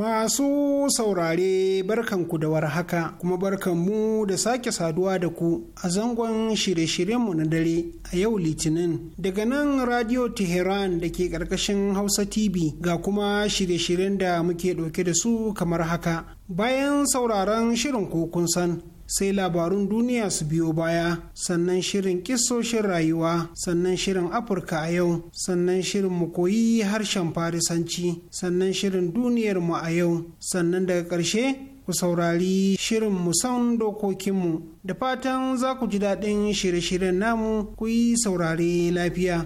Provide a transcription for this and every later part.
Masu saurare barkanku da war haka kuma barkanmu da sake saduwa da ku a zangon shirye-shiryenmu na dare a yau Litinin. Daga nan Radio Tehran da ke ƙarƙashin Hausa TV ga kuma shirye-shiryen da muke ɗauke da su kamar haka. Bayan sauraron shirin ko kun san sai labarun duniya su biyo baya sannan shirin kisoshin rayuwa sannan shirin afirka a yau sannan shirin mu koyi harshen farisanci sannan shirin duniyar mu a yau sannan daga ƙarshe ku saurari shirin musan dokokinmu da fatan za ku ji daɗin shirye-shiryen namu ku yi saurare lafiya.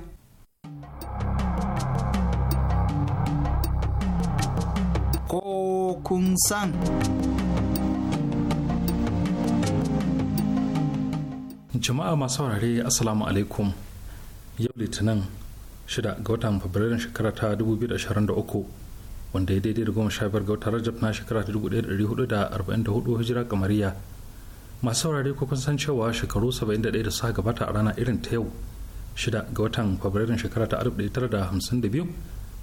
Ko kun san. jama'a masu saurare assalamu alaikum yau litinin 6 ga watan fabrairun shekara ta 2023 wanda ya daidai da goma sha biyar ga watan rajab na shekara ta 1444 hijira kamariya masu saurare ko kun san cewa shekaru 71 da suka gabata a rana irin ta yau 6 ga watan fabrairun shekara ta 1952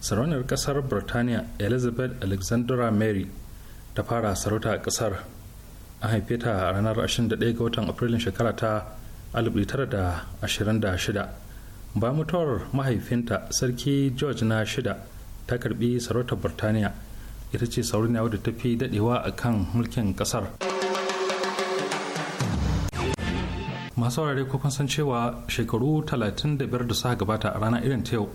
sarauniyar kasar birtaniya elizabeth alexandra mary ta fara sarauta a kasar an haife ta a ranar 21 ga watan afrilun shekara ta 1926 bayan mutuwar mahaifinta sarki george na shida ta karbi sarautar burtaniya ita ce sauriniya wadda ta fi dadewa a kan mulkin kasar masu saurare ko san cewa shekaru 35 da suka gabata a rana irin ta yau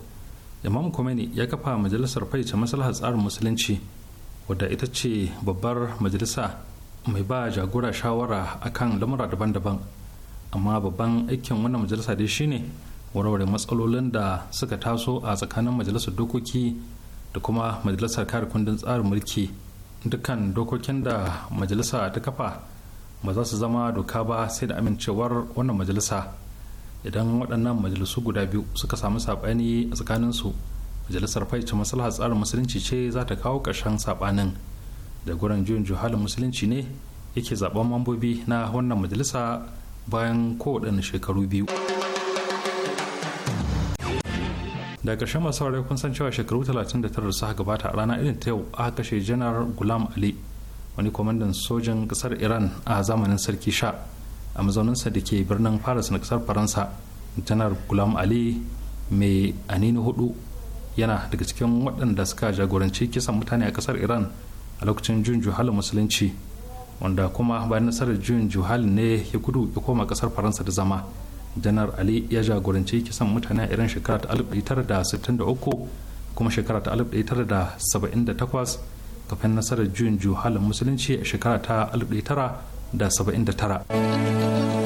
imam Khomeini ya kafa majalisar faice maslahar tsarin musulunci wadda ita ce babbar majalisa mai ba jagora shawara akan lamura daban-daban amma babban aikin wannan majalisa dai shine warware matsalolin da suka taso a tsakanin majalisar dokoki da kuma majalisar kare kundin tsarin mulki dukkan dokokin da majalisa ta kafa ba za su zama doka ba sai da amincewar wannan majalisa idan waɗannan majalisu guda biyu suka samu saɓani a su majalisar faice maslahar tsarin musulunci ce za ta kawo ƙarshen saɓanin da gurin juyin juhalin musulunci ne yake zaɓen mambobi na wannan majalisa bayan kowaɗanne shekaru biyu da ƙarshen masu saurari kun san cewa shekaru 39 suka gabata a rana irin ta yau aka kashe janar gulam ali wani kwamandan sojan ƙasar iran a zamanin sarki sha a mazauninsa da ke birnin paris na ƙasar faransa janar gulam ali mai anini hudu yana daga cikin waɗanda suka jagoranci kisan mutane a ƙasar iran a lokacin junju halin musulunci wanda kuma bayan nasarar juyin juhal ne ya gudu ya koma kasar faransa da zama janar ali ya jagoranci kisan mutane a irin shekara ta 1963 kuma shekara ta 1978 kafin nasarar juyin juhal musulunci a shekara ta 1979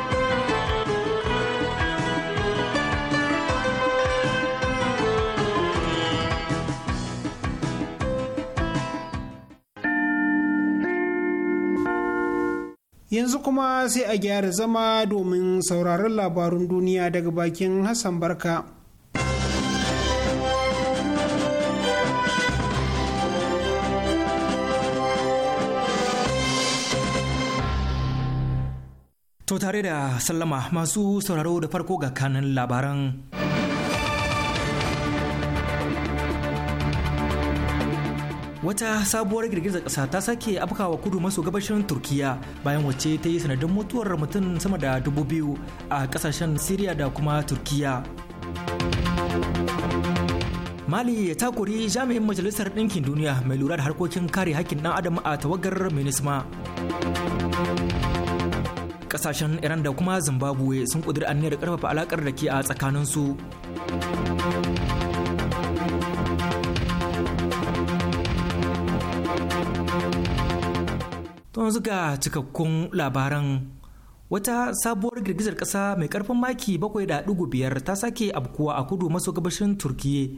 Yanzu kuma sai a gyara zama domin sauraron labarun duniya daga bakin Hassan Barka. To tare da sallama masu sauraro da farko ga kanin labaran. wata sabuwar girgizar ƙasa ta sake afkawa kudu maso gabashin turkiya bayan wacce ta yi sanadin mutuwar mutum sama da dubu biyu a kasashen siriya da kuma turkiya mali ya takuri jami'in majalisar ɗinkin duniya mai lura da harkokin kare haƙƙin ɗan adam a tawagar minisma ƙasashen iran da kuma zimbabwe sun ƙudiri aniyar ƙarfafa alaƙar da ke a tsakaninsu To yanzu ga cikakkun labaran wata sabuwar girgizar kasa mai karfin maki 7.5 ta sake abkuwa a kudu maso gabashin turkiyya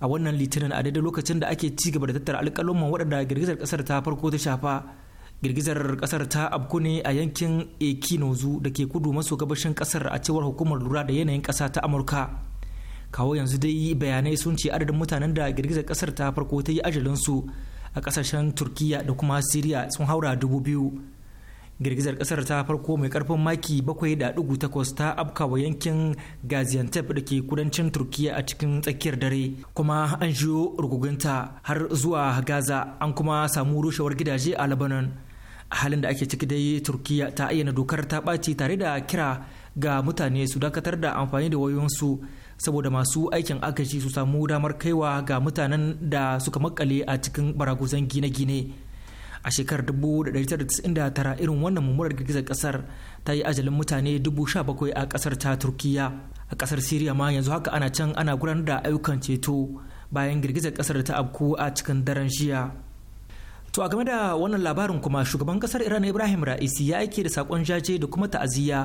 a wannan litinin a daidai lokacin da ake ci gaba da tattara alƙalumman waɗanda girgizar ƙasar ta farko ta shafa girgizar kasar ta abku ne a yankin ekinozu da ke kudu maso gabashin ƙasar a cewar hukumar lura da yanayin ƙasa ta amurka kawo yanzu dai bayanai sun ce adadin mutanen da girgizar kasar ta farko ta yi ajalinsu a kasashen turkiya da kuma siriya sun haura dubu biyu girgizar kasar ta farko mai karfin maki 7.8 ta afkawa yankin gaziantep da ke kudancin turkiya a cikin tsakiyar dare kuma an shiyo rugugunta har zuwa gaza an kuma samu rushewar gidaje a lebanon a halin da ake ciki dai turkiya ta ayyana dokar ta ɓaci tare da kira ga mutane su dakatar da amfani da wayoyinsu saboda masu aikin agaji su samu damar kaiwa ga mutanen da suka makale a cikin baragusan gine-gine a shekarar 1999 irin wannan mummurar girgizar kasar ta yi ajalin mutane 17,000 a kasar ta turkiya a kasar syria ma yanzu haka ana can ana gudanar da ayyukan ceto bayan girgizar kasar ta abku a cikin daren jiya to a game da wannan labarin kuma shugaban kasar iran ibrahim ra'isi ya aike da sakon jaje da kuma ta'aziyya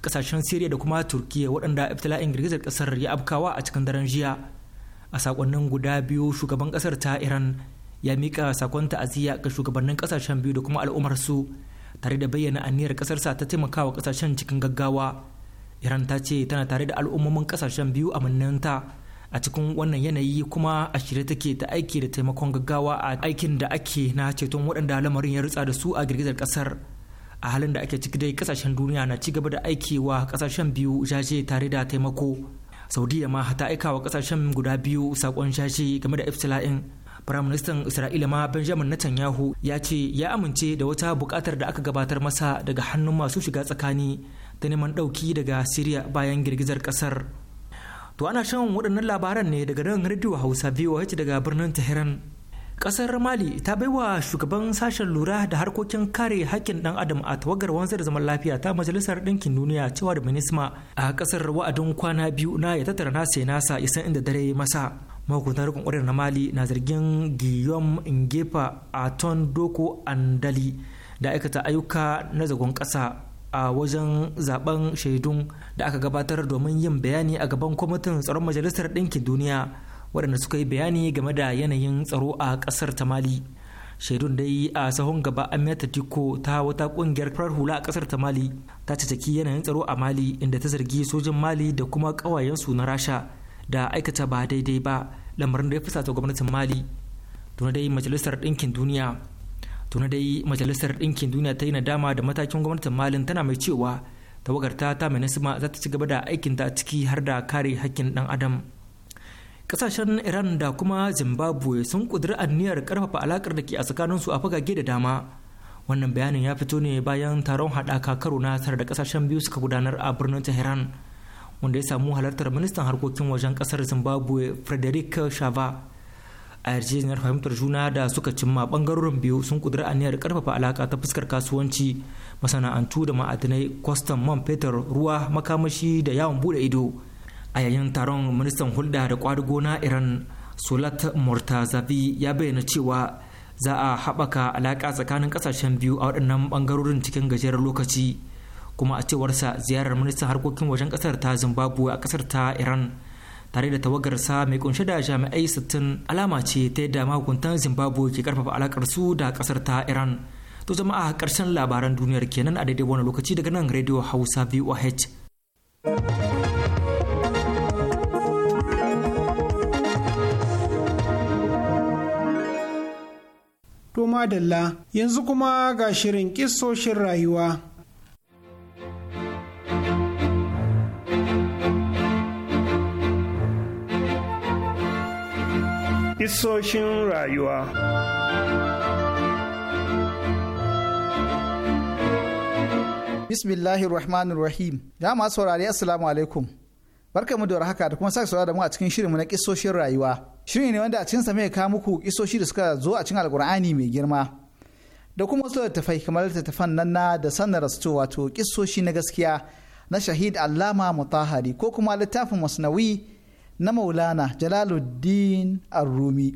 kasashen Siriya da kuma turkiya waɗanda iftila'in girgizar ƙasar ya afkawa a cikin daren jiya. A sakonnin guda biyu shugaban ƙasar ta Iran ya mika sakon ta'aziyya ga shugabannin ƙasashen biyu da kuma al'ummar su tare da bayyana aniyar ƙasar sa ta taimakawa ƙasashen cikin gaggawa. Iran ta ce tana tare da al'ummomin ƙasashen biyu a ta a cikin wannan yanayi kuma a shirye take ta aiki da taimakon gaggawa a aikin da ake na ceton waɗanda lamarin ya rutsa da su a girgizar ƙasar a halin da ake ciki dai kasashen duniya na ci gaba da wa kasashen biyu jaje tare da taimako saudiya ma ta aika wa kasashen guda biyu sakon jaje game da iftila'in firaministan isra'ila ma benjamin netanyahu ya ce ya amince da wata bukatar da aka gabatar masa daga hannun masu shiga tsakani ta neman ɗauki daga siriya bayan girgizar ƙasar to ana shan waɗannan labaran ne daga nan rediyo hausa voh daga birnin tehran kasar mali ta baiwa shugaban sashen lura da harkokin kare hakkin ɗan adam a tawagar wanzar zaman lafiya ta majalisar ɗinkin duniya cewa da minisma a kasar wa'adin kwana biyu na ya tattara nasa nasa isan inda dare masa mahukuntar rikin na mali na zargin guillaume ngefa ton doko andali da aikata ayyuka na zagon ƙasa a wajen zaben shaidun da aka gabatar domin yin bayani a gaban kwamitin tsaron majalisar ɗinkin duniya waɗanda suka yi bayani game da yanayin tsaro a ƙasar ta mali shaidun dai a sahun gaba amiyata tiko ta wata ƙungiyar farar hula a kasar ta mali ta ki yanayin tsaro a mali inda ta zargi sojin mali da kuma ƙawayensu na rasha da aikata ba daidai ba lamarin da ya fusata gwamnatin mali tuna dai majalisar ɗinkin duniya tuna dai majalisar ɗinkin duniya ta yi nadama da matakin gwamnatin malin tana mai cewa tawagarta ta mai nasima za ta ci gaba da aikinta ciki har da kare hakkin ɗan adam kasashen iran da kuma zimbabwe sun kudiri aniyar karfafa alakar da ke a tsakaninsu a fagage da dama wannan bayanin ya fito ne bayan taron haɗaka karo na tare da kasashen biyu suka gudanar a birnin tehran wanda ya samu halartar ministan harkokin wajen kasar zimbabwe frederick shava a yarjejeniyar fahimtar juna da suka cimma bangarorin biyu sun kudura aniyar karfafa alaka ta fuskar kasuwanci masana'antu da ma'adinai kwastam man fetur ruwa makamashi da yawon bude ido a yayin taron ministan hulɗa da kwadugo na iran sulat murtazavi ya bayyana cewa za a haɓaka alaƙa tsakanin ƙasashen biyu a waɗannan ɓangarorin cikin gajeren lokaci kuma a cewarsa ziyarar ministan harkokin wajen ƙasar ta zimbabwe a ƙasar ta iran tare da tawagarsa mai kunshe da jami'ai 60 alama ce ta yadda mahukuntan zimbabwe ke karfafa alakar su da ƙasar ta iran to jama'a ƙarshen labaran duniyar kenan a daidai wani lokaci daga nan radio hausa voh To madalla yanzu kuma ga shirin kissoshin rayuwa. Kissoshin rayuwa Bismillahir Rahmanir Rahim. ya masu saurari Assalamu alaikum. Barkamu da warhaka da kuma sake saurari da mu a cikin shirinmu na kissoshin rayuwa. shirin ne wanda a cikinsa mai kawo muku isoshi da suka zo a cikin alkur'ani mai girma da kuma wasu littattafai kamar littattafan nan na da sannan rasto wato kisoshi na gaskiya na shahid allama mutahari ko kuma littafin masnawi na maulana jalaluddin arrumi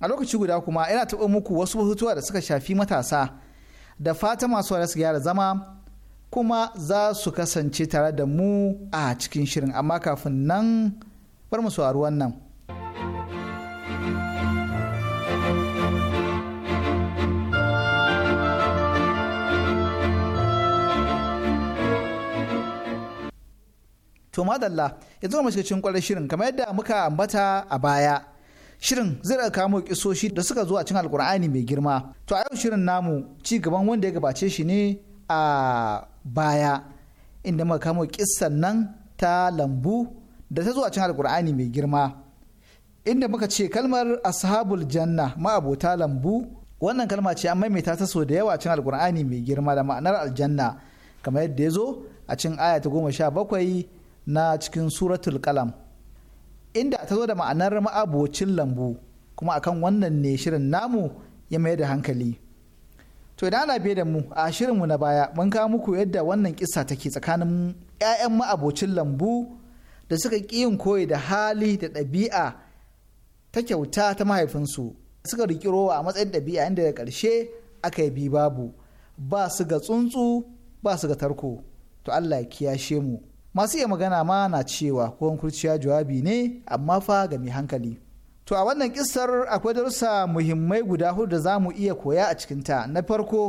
a lokaci guda kuma yana taɓa muku wasu hutuwa da suka shafi matasa da fata masu wani su gyara zama kuma za su kasance tare da mu a cikin shirin amma kafin nan bar mu saurari wannan. to madalla yanzu mu shiga cikin kwarar shirin kamar yadda muka ambata a baya shirin zai daga kamo kisoshi da suka zo a cikin alkur'ani mai girma to a yau shirin namu ci gaban wanda ya gabace shi ne a baya inda muka kamo kissan nan ta lambu da ta zo a cikin alkur'ani mai girma inda muka ce kalmar ashabul janna ma'abota lambu wannan kalma ce an maimaita ta so da yawa cikin alkur'ani mai girma da ma'anar aljanna kamar yadda ya zo a cikin aya ta goma sha bakwai na cikin suratul kalam inda ta zo da ma'anar ma'abocin lambu kuma akan wannan ne shirin namu ya mayar da hankali to idan ana biye da mu a shirinmu na baya mun kawo muku yadda wannan kisa take tsakanin 'ya'yan ma'abocin lambu da suka ƙi yin koyi da hali da ɗabi'a ta kyauta ta mahaifinsu suka rikirowa a matsayin ɗabi'a inda da ƙarshe aka yi bi babu ba su ga tsuntsu ba su ga tarko to Allah ya kiyashe mu masu iya magana ma na cewa ko kurciya jawabi ne amma fa ga mai hankali to a wannan kissar akwai darussa muhimmai guda hudu da za mu iya koya a cikinta na farko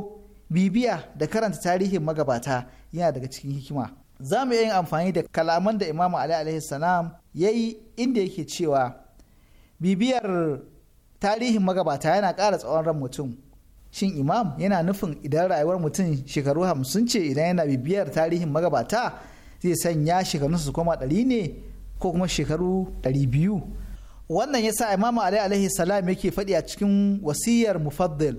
bibiya da karanta tarihin magabata yana daga cikin hikima za mu yin amfani da kalaman da imam ali alaihi salam ya yi inda yake cewa bibiyar tarihin magabata yana ƙara tsawon ran mutum shin imam yana nufin idan rayuwar mutum shekaru hamsin ce idan yana bibiyar tarihin magabata zai sanya shekarunsa su koma ɗari ne ko kuma shekaru ɗari biyu wannan yasa imamu ali alaihi salam yake faɗi a cikin wasiyar mufaddil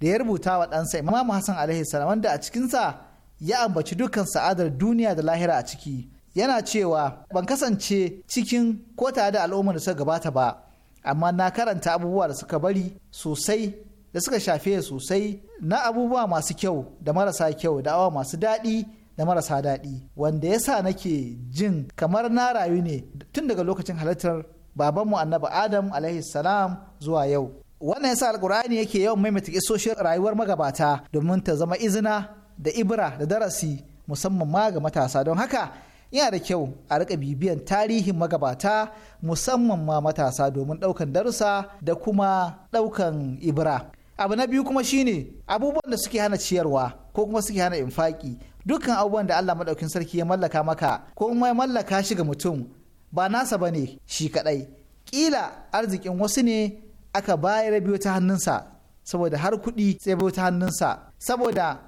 da ya rubuta wa ɗansa imamu hassan alaihi salam wanda a cikinsa ya ambaci dukkan sa'adar duniya da lahira a ciki yana cewa ban kasance cikin ko tare da al'ummar da suka gabata ba amma na karanta abubuwa da suka bari sosai da suka shafe sosai na abubuwa masu kyau da marasa kyau da awa masu daɗi Na marasa daɗi wanda ya sa nake jin kamar na rayu ne tun daga lokacin halittar babanmu annabi adam salam zuwa yau wannan ya yasa alkur'ani yake yawan maimaita isoshin rayuwar magabata domin ta zama izina da ibra da darasi musamman ma ga matasa don haka yana da kyau a rika bibiyan tarihin magabata musamman ma matasa domin ɗaukan darussa da kuma ɗaukan ibra abu na biyu kuma shine abubuwan da suke hana ciyarwa ko kuma suke hana infaki dukkan abubuwan da Allah maɗaukin sarki ya mallaka maka ko kuma ya mallaka shi ga mutum ba nasa ba ne shi kaɗai ƙila arzikin wasu ne aka bayar biyo ta hannunsa saboda har kuɗi sai biyo ta hannunsa saboda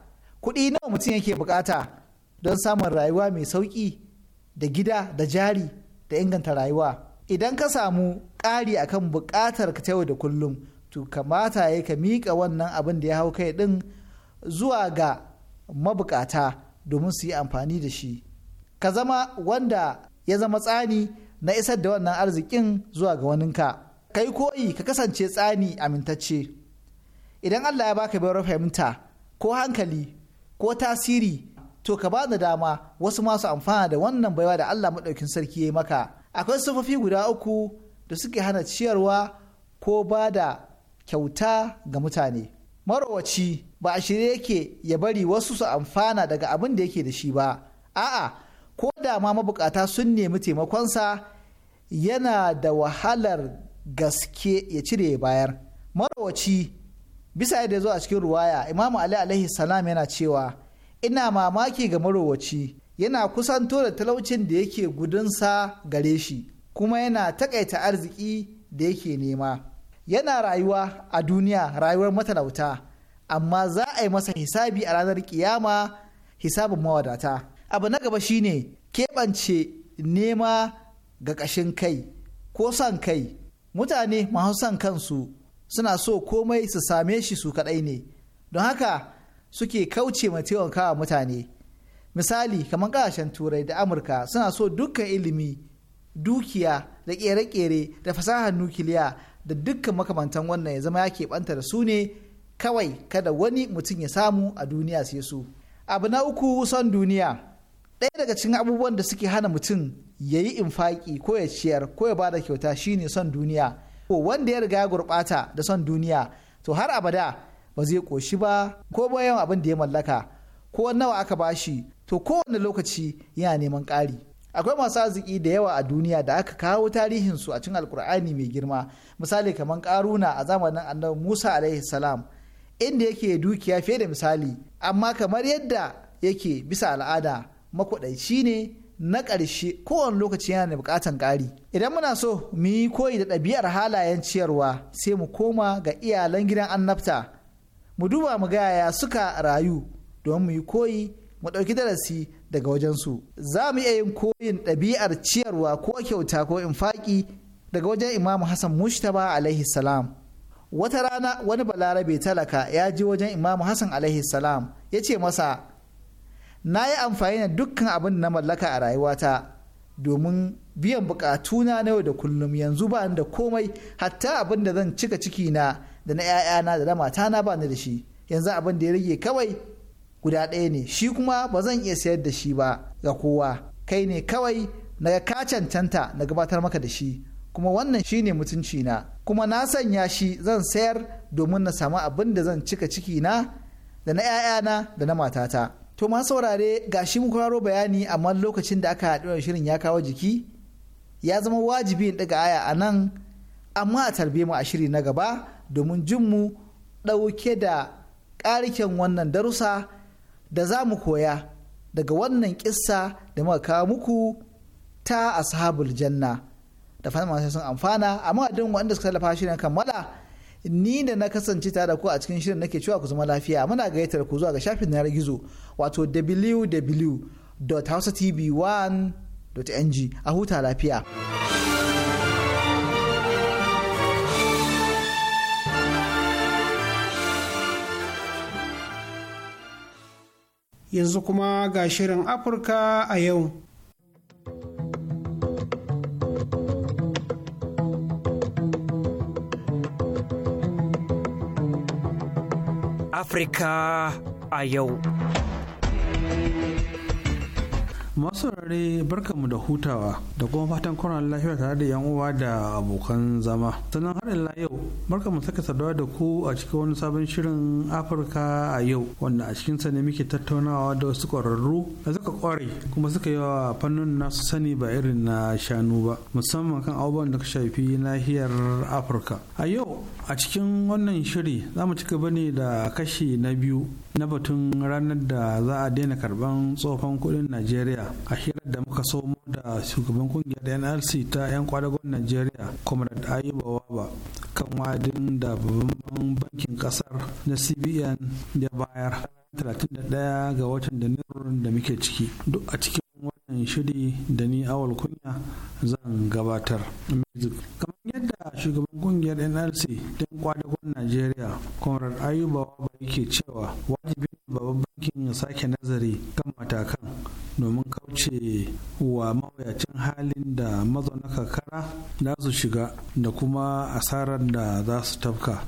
kuɗi nawa mutum yake bukata don samun rayuwa mai sauƙi da gida da jari da inganta rayuwa idan ka samu ƙari akan buƙatar ka da kullum to kamata ya ka miƙa wannan abin da ya hau kai ɗin zuwa ga mabukata domin su yi amfani da shi ka zama wanda ya zama tsani na isar da wannan arzikin zuwa ga waninka kai koyi ka kasance tsani amintacce idan allah ya baka bayar fahimta ko hankali ko tasiri to ka ba da dama wasu masu amfana da wannan baiwa da allah maɗaukin sarki ya yi maka akwai sufofi guda uku da suke hana ciyarwa ko bada kyauta ga mutane marowaci ba a shirye yake ya bari wasu su amfana daga abin da yake da shi ba a'a ko da ma mabukata sun nemi taimakonsa yana da wahalar gaske ya cire ya bayar marawaci bisa yadda zo a cikin ruwaya imamu ali alaihi salam yana cewa ina mamaki ga marowaci yana kusanto da talaucin da yake gudunsa gare shi kuma yana takaita arziki da yake nema yana rayuwa a duniya rayuwar matalauta amma za a yi masa hisabi a ranar kiyama hisabin mawadata abu na gaba shine keɓance nema ga ƙashin kai ko son kai mutane masu son kansu suna so komai su same shi su kaɗai ne don haka suke kauce ma taimakawa mutane misali kamar ƙasashen turai da amurka suna so dukkan ilimi dukiya da ƙere-ƙere da fasahar nukiliya da dukkan makamantan wannan ya zama ya keɓanta da su ne kawai kada wani mutum ya samu a duniya sai su abu na uku son duniya ɗaya daga cikin abubuwan da suke hana mutum ya yi infaƙi ko ya ciyar ko ya bada kyauta shine son duniya ko wanda ya riga ya gurɓata da son duniya to har abada ba zai ƙoshi ba ko bayan abin da ya mallaka ko nawa aka bashi to kowane lokaci yana neman ƙari akwai masu arziki da yawa a duniya da aka kawo tarihinsu a cikin alkur'ani mai girma misali kamar karuna a zamanin annabi musa alaihi salam inda yake dukiya fiye da misali amma kamar yadda yake bisa al'ada makwadaici ne na ƙarshe kowane lokaci yana da buƙatan ƙari idan muna so mu yi koyi da ɗabi'ar halayen ciyarwa sai mu koma ga iyalan gidan annabta mu duba mu ga yaya suka rayu don mu yi koyi mu ɗauki darasi daga wajensu za mu iya yin koyin ɗabi'ar ciyarwa ko kyauta ko infaƙi daga wajen imamu hassan mushtaba alaihi salam wata rana wani balarabe talaka ya je wajen imamu hassan alaihi salam ya ce masa na yi amfani da dukkan abin da na mallaka a rayuwata domin biyan bukatuna na yau da kullum yanzu ba da komai hatta abin da zan cika ciki na da na 'ya'yana da na matana ba ni da shi yanzu abin da ya rage kawai guda ɗaya ne shi kuma ba zan iya sayar da shi ba ga kowa kai ne kawai na ka cancanta na gabatar maka da shi kuma wannan shine mutunci na kuma na sanya shi zan sayar domin na samu abin da zan cika ciki na da na 'ya'yana da na matata to ma saurare ga shi mu bayani amma lokacin da aka haɗu shirin ya kawo jiki ya zama wajibi in ɗaga aya a nan amma a tarbe mu a shiri na gaba domin jin mu ɗauke da ƙariken wannan darussa da za mu koya daga wannan ƙissa da muka kawo muku ta ashabul janna. da fatan masu sun amfana amma duk wanda suka tallafa shirin kammala ni da na kasance tare da ku a cikin shirin nake cewa ku zama lafiya muna gayyatar ku zuwa ga shafin na gizo wato www.hausatv1.ng a huta lafiya. yanzu kuma ga shirin afirka a yau Afirka a yau. masu rare barkamu da hutawa da kuma fatan kwanan lafiya tare da yan uwa da abokan zama sannan har ila yau barkamu saka saduwa da ku a cikin wani sabon shirin afirka a yau wanda a cikin sa muke tattaunawa da wasu kwararru da suka kware kuma suka yi wa fannin nasu sani ba irin na shanu ba musamman kan abubuwan da ka shafi nahiyar afirka a yau a cikin wannan shiri za mu ci gaba ne da kashi na biyu na batun ranar da za a daina karban tsofan kudin najeriya najeriya a hirar da muka somo da shugaban kungiyar NRC ta 'yan kwadagon najeriya comrade ayuba waba kan wadin da babban bankin kasar na cbn ya bayar 31 ga watan da da muke ciki duk a cikin wannan shiri da ni awal kunya zan gabatar kamar yadda shugaban kungiyar nlc don kwadagon najeriya comrade ayubawa ba yake cewa wajibi ne babban bankin ya sake nazari kan matakan domin kauce wa mawuyacin halin da mazauna kakara za su shiga da kuma asarar da za su tafka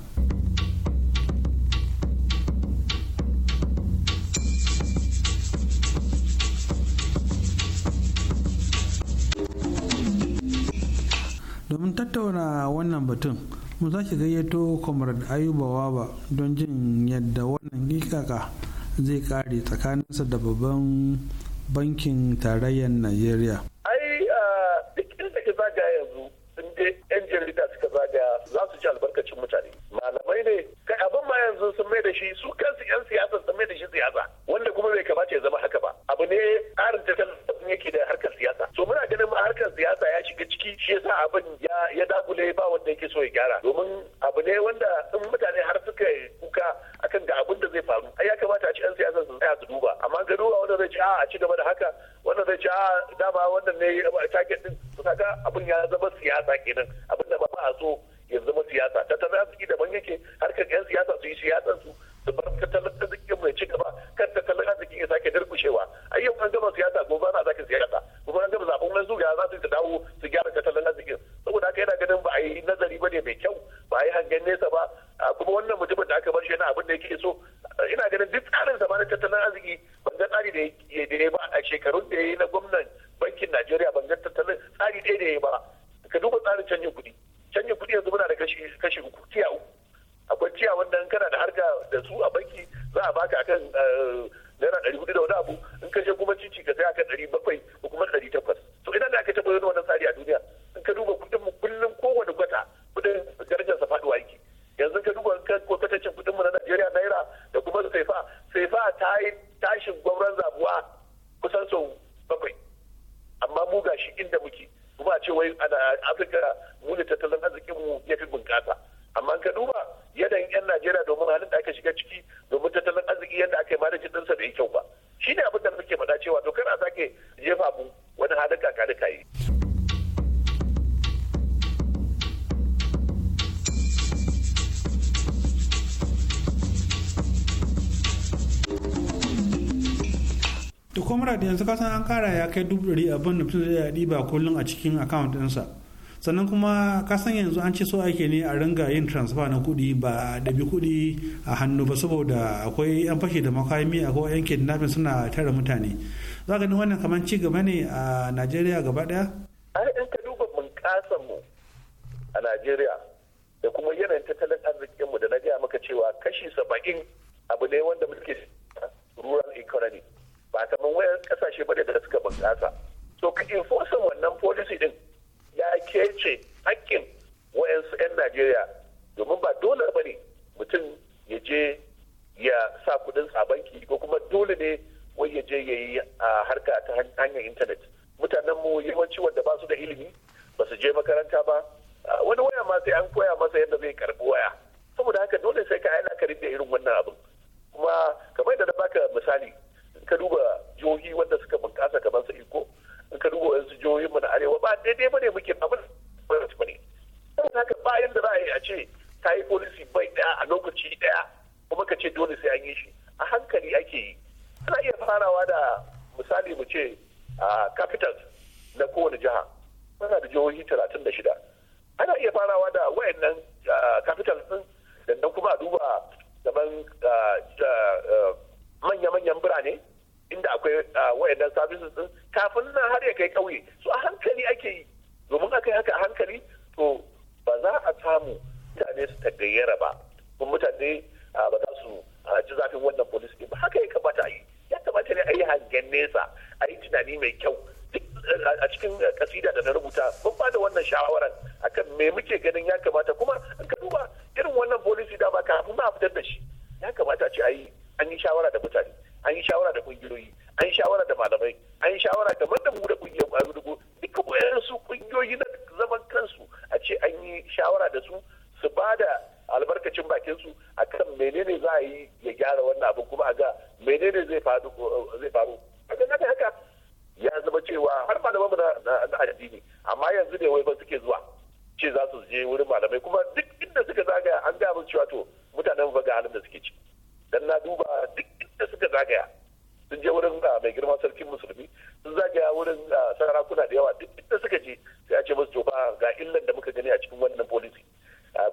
domin tattauna wannan batun mu sake gayyato comrade ayuba waba don jin yadda wannan gikaka zai kare tsakaninsa da babban bankin tarayyar najeriya ai ah, duk inda ka zaga yanzu dai eh, yan jarida suka da za su ci albarkacin mutane malamai ne kai abin ma yanzu sun mai da shi su kansu yan siyasa sun mai da shi siyasa wanda kuma bai kamata ya zama haka ba abu ne tsarin tattalin yake da harkar siyasa so muna ganin ma harkar siyasa ya shiga ciki shi yasa abin ya dagule ba wanda yake so ya gyara domin abu ne wanda in mutane har suka yi kuka akan ga abin da zai faru ai ya kamata a ci yan siyasa su tsaya su duba amma garuwa wanda zai ci a ci gaba da haka wannan zai ce a ah, dama wannan ne a target din to kaga abin ya zama siyasa kenan abin da ba a so ya zama siyasa tattalin arziki daban yake harkar yan siyasa su yi siyasar su su bar tattalin arziki mai ci gaba kan tattalin arziki ya sake durkushewa ai yau an gama siyasa gobe za a sake siyasa gobe an gama zaɓen wani zuwa za su dawo su gyara tattalin arzikin saboda haka yana ganin ba a yi nazari ba ne mai kyau ba a yi hangen nesa ba ah, kuma wannan mutumin da aka bar shi yana abin da yake so ah, ina ganin duk tsarin zamanin tattalin arziki ban ga tsari da ya ba shekarun da ya yi na gwamnan bankin najeriya ban ga tattalin tsari ɗaya da ya yi ba ka duba tsarin canjin kuɗi canjin kuɗi yanzu muna da kashi uku tiya akwai tiya wanda in kana da harka da su a banki za a baka akan eh, kara ya kai dubu ɗari abin da mutum zai ba kullum a cikin account ɗinsa sannan kuma kasan yanzu an ce so ake ne a ringa yin transfer na kuɗi ba a ɗabi kuɗi a hannu ba saboda akwai yan fashe da makami akwai yan kidnapping suna tara mutane za ka wannan kamar ci gaba ne a najeriya gaba ɗaya a harka ta hanyar intanet mutanen mu yawanci wanda ba su da ilimi ba su je makaranta ba wani waya ma sai an koya masa yadda zai karbi waya saboda haka dole sai ka aina karin da irin wannan abin kuma kamar yadda na baka misali ka duba jihohi wanda suka bunkasa kamar su iko in ka duba wasu jihohin mu na arewa ba daidai bane muke abin ba ne saboda haka ba yadda za a yi a ce ka yi policy bai daya a lokaci daya kuma ka ce dole sai an yi shi a hankali ake yi ana iya farawa da misali mu ce a capitals na kowane jiha muna da jihohi talatin da shida ana iya farawa da wayannan capitals din sannan kuma a duba zaman manya-manyan birane inda akwai wayannan services din kafin nan har ya kai ƙauye su a hankali ake yi domin aka haka a hankali to ba za a samu mutane su tagayyara ba kuma mutane ba za su ci zafin wannan din ba haka ya kamata a yi ya kamata ne a yi hangen nesa a yi tunani mai kyau eh, a cikin eh, kasida da na rubuta mun ba da wannan shawarar akan me muke ganin ya kamata kuma an ka duba irin wannan policy ba kafin ma fitar da shi ya kamata ce a yi an yi shawara da mutane an yi shawara da kungiyoyi an yi shawara da malamai an yi shawara da da mu da kungiyar ƙwaro dubu duka su kungiyoyi na zaman kansu a ce an yi shawara da su su ba da albarkacin bakin su akan menene za a yi ya gyara wannan abin kuma a ga menene zai faru zai faru haka haka ya zama cewa har malaman na addini amma yanzu ne wai ba suke zuwa ce za su je wurin malamai kuma duk inda suka zagaya an ga min cewa to mutanen ba ga halin da suke ci dan na duba duk inda suka zagaya sun je wurin ah, mai girma sarkin musulmi sun zagaya wurin ah, sarakuna da yawa duk inda suka je sai a ce musu to ba ga illan da muka gani a cikin wannan policy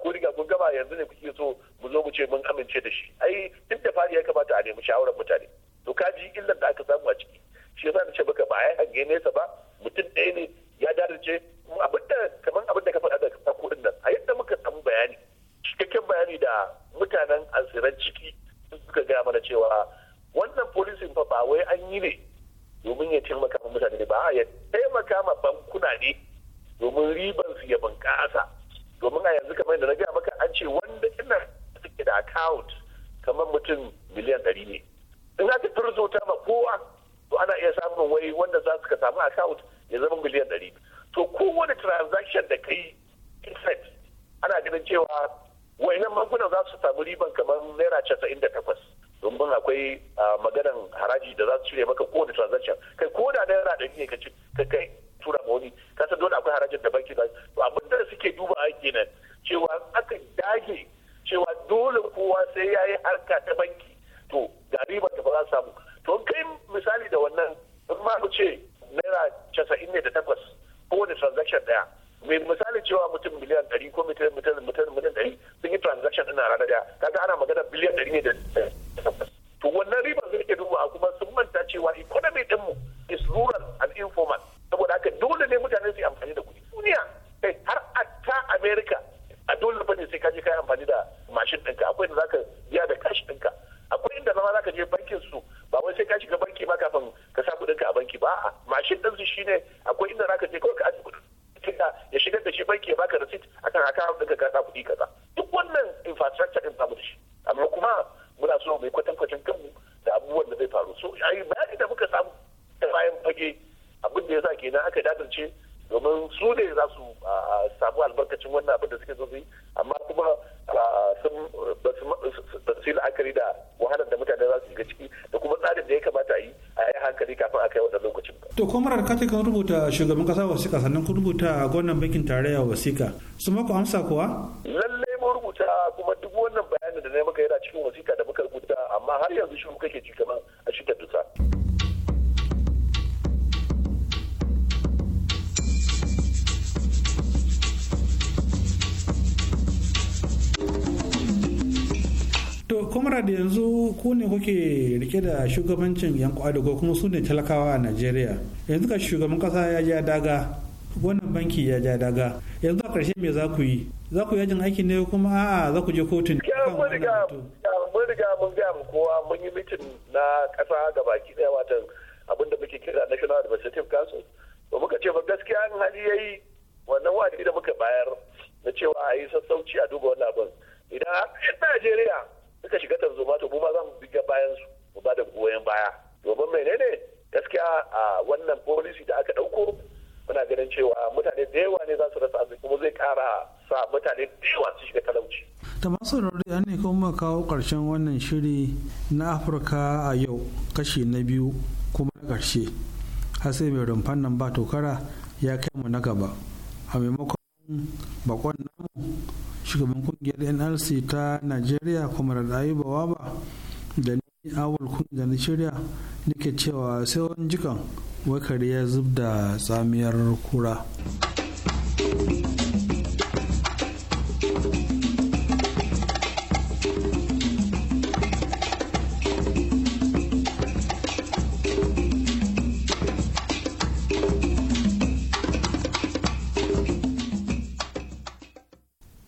ko riga kun gama yanzu ne kuke so mu zo mu ce mun amince da shi ai inda da fari ya kamata a nemi shawarar mutane to ka ji illar da aka samu a ciki shi yasa na ce baka ba ai hange nesa ba mutum ɗaya ne ya dace abin da kamar abin da ka faɗa daga ka kuɗin nan a yadda muka samu bayani cikakken bayani da mutanen asiran ciki suka gaya mana cewa wannan polisin fa ba wai an yi ne domin ya taimaka ma mutane ba a ya taimaka ma bankuna ne domin riban su ya bunkasa. domin a yanzu kamar da na gaya maka an ce wanda ina suke da account kamar mutum miliyan ɗari ne in aka turzota ma kowa to ana iya samun wai wanda za su ka samu account ya zama miliyan ɗari to kowane transaction da kai internet ana ganin cewa nan bankuna za su samu riban kamar naira casa'in da takwas domin akwai ah, maganan haraji da za su cire maka kowane transaction kai ko da naira ɗari ne ka kai tura ma wani kasan dole akwai harajin da banki ba to abin da suke duba nan cewa aka dage cewa dole kowa sai ya yi harka ta banki to ga riba ta ba za samu to kai misali da wannan in ma mu ce naira casa'in ne da takwas kowane transaction daya mai misali cewa mutum miliyan ɗari ko mutum miliyan ɗari sun yi transaction ɗin a ranar daya kaga ana magana biliyan ɗari ne da takwas to wannan riba zai ke duba kuma sun manta cewa economy ɗinmu is rural and informal saboda haka dole ne mutane su yi amfani da kuɗi duniya kai har a ta america a dole ba ne sai ka je ka yi amfani da mashin ɗinka akwai inda zaka biya da kashi ɗinka akwai inda zama zaka je bankin su ba wai sai ka shiga banki ba kafin ka sa kuɗin ka a banki ba a mashin ɗin su shine akwai inda zaka je kawai ka ajiye kuɗin ya shigar da shi banki ya baka receipt akan haka ɗinka ka sa kuɗi kaza duk wannan infrastructure ɗin samu da shi amma kuma muna so mai kwatankwacin kanmu da abubuwan da zai faru so ayi bayani da muka samu shi yasa kenan aka dadance domin su ne za su samu albarkacin wannan abin da suke zozi amma kuma ba su yi la'akari da wahalar da mutane za su shiga ciki da kuma tsarin da ya kamata a yi a yi hankali kafin a kai wannan lokacin. to kwamarar kati kan rubuta shugaban kasa wasiƙa sannan ku rubuta a gwamnan bankin tarayya wasika su maku amsa kuwa. lallai mun rubuta kuma duk wannan bayanin da na maka yana cikin wasika da muka rubuta amma har yanzu shi muka ke ci a shi ta dusa. comrade yanzu ku ne kuke rike da shugabancin yan kwadago kuma su ne talakawa a najeriya yanzu ka shugaban kasa ya ja daga wannan banki ya ja daga yanzu a ƙarshe me za ku yi za ku yajin aiki ne kuma a'a za ku je kotun mun riga mun gaya mu kowa mun yi mitin na ƙasa ga baki ɗaya watan abin da muke kira national administrative council ba muka ce ba gaskiya an hali ya yi wannan wa'adi da muka bayar na cewa a yi sassauci a duba wannan abin idan har najeriya suka shiga tarzoma to mu ma za mu biga bayan su mu ba da goyon baya domin menene gaskiya a wannan policy da aka ɗauko muna ganin cewa mutane da yawa ne za su rasa abin kuma zai kara sa mutane da yawa su shiga talauci. ta masu rauni an ne kuma kawo ƙarshen wannan shiri na afirka a yau kashi na biyu kuma na karshe har sai mai rumfan nan ba tokara ya kai mu na gaba a maimakon bakon namu shugaban kungiyar nlc ta nigeria kuma da ayuba waba da ni awul kungiyar na shirya nake cewa sai wani jikan wakari ya zub da tsamiyar kura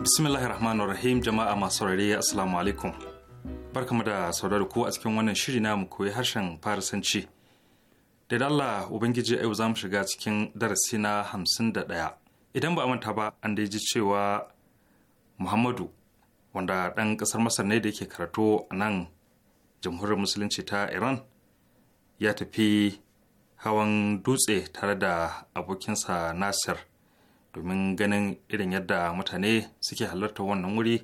Bismillahirrahmanirrahim jama'a masu saurare assalamu alaikum. Barkamu da saurari ku a cikin wannan shiri na mu koyi harshen Farisanci. Da Allah Ubangiji yau za mu shiga cikin darasi na hamsin da ɗaya. Idan ba a manta ba an ji cewa Muhammadu wanda ɗan ƙasar Masar ne da yake karatu a nan jamhuriyar musulunci ta Iran ya tafi hawan dutse tare da abokinsa Nasir. domin ganin irin yadda mutane suke halarta wannan wuri